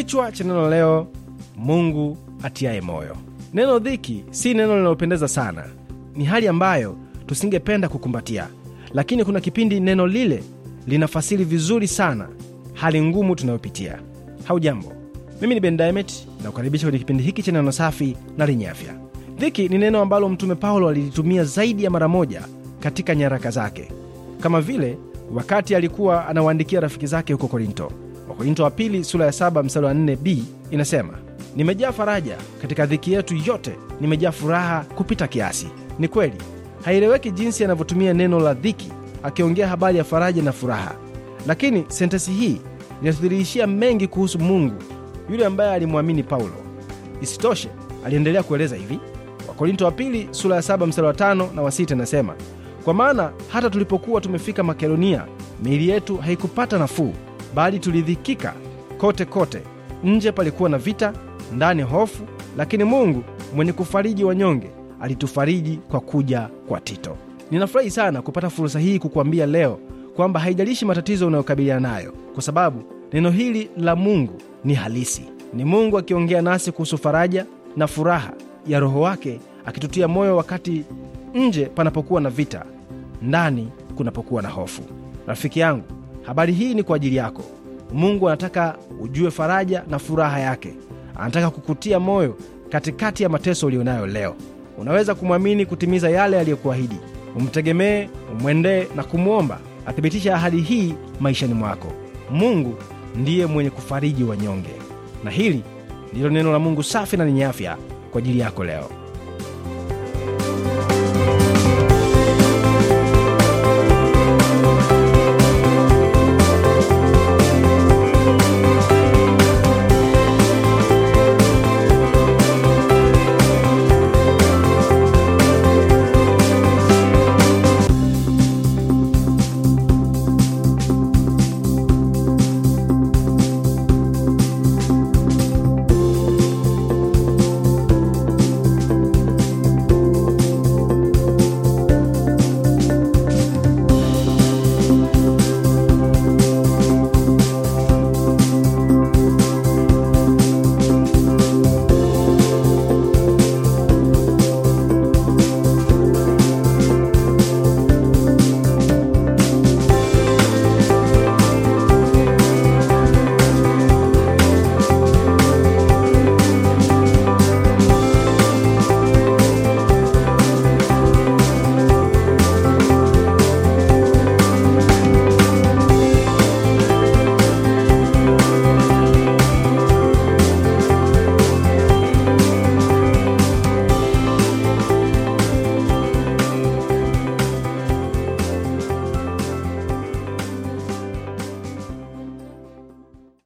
Kichwa cha neno leo, Mungu atiaye moyo. Neno dhiki si neno linalopendeza sana, ni hali ambayo tusingependa kukumbatia, lakini kuna kipindi neno lile linafasiri vizuri sana hali ngumu tunayopitia. hau jambo mimi ni Ben Daimet na kukaribisha kwenye kipindi hiki cha neno safi na lenye afya. Dhiki ni neno ambalo Mtume Paulo alilitumia zaidi ya mara moja katika nyaraka zake, kama vile wakati alikuwa anawaandikia rafiki zake huko Korinto. Wakorinto wa pili sura ya saba mstari wa nne b inasema, nimejaa faraja katika dhiki yetu yote, nimejaa furaha kupita kiasi. Ni kweli haieleweki jinsi anavyotumia neno la dhiki akiongea habari ya faraja na furaha, lakini sentensi hii inatudhihirishia mengi kuhusu Mungu yule ambaye alimwamini Paulo. Isitoshe, aliendelea kueleza hivi, Wakorinto wa pili sura ya saba mstari wa tano na wa sita inasema, kwa maana hata tulipokuwa tumefika Makedonia, miili yetu haikupata nafuu bali tulidhikika kote kote. Nje palikuwa na vita, ndani hofu, lakini Mungu mwenye kufariji wanyonge alitufariji kwa kuja kwa Tito. Ninafurahi sana kupata fursa hii kukuambia leo kwamba haijalishi matatizo unayokabiliana nayo, kwa sababu neno hili la Mungu ni halisi. Ni Mungu akiongea nasi kuhusu faraja na furaha ya Roho wake, akitutia moyo wakati nje panapokuwa na vita, ndani kunapokuwa na hofu. Rafiki yangu Habari hii ni kwa ajili yako. Mungu anataka ujue faraja na furaha yake. Anataka kukutia moyo katikati ya mateso nayo leo. Unaweza kumwamini kutimiza yale aliyokuahidi. Umtegemee, umwendee na kumwomba athibitisha ahadi hii maishani mwako. Mungu ndiye mwenye kufariji wanyonge, na hili ndilo neno la Mungu safi na lenye afya kwa ajili yako leo.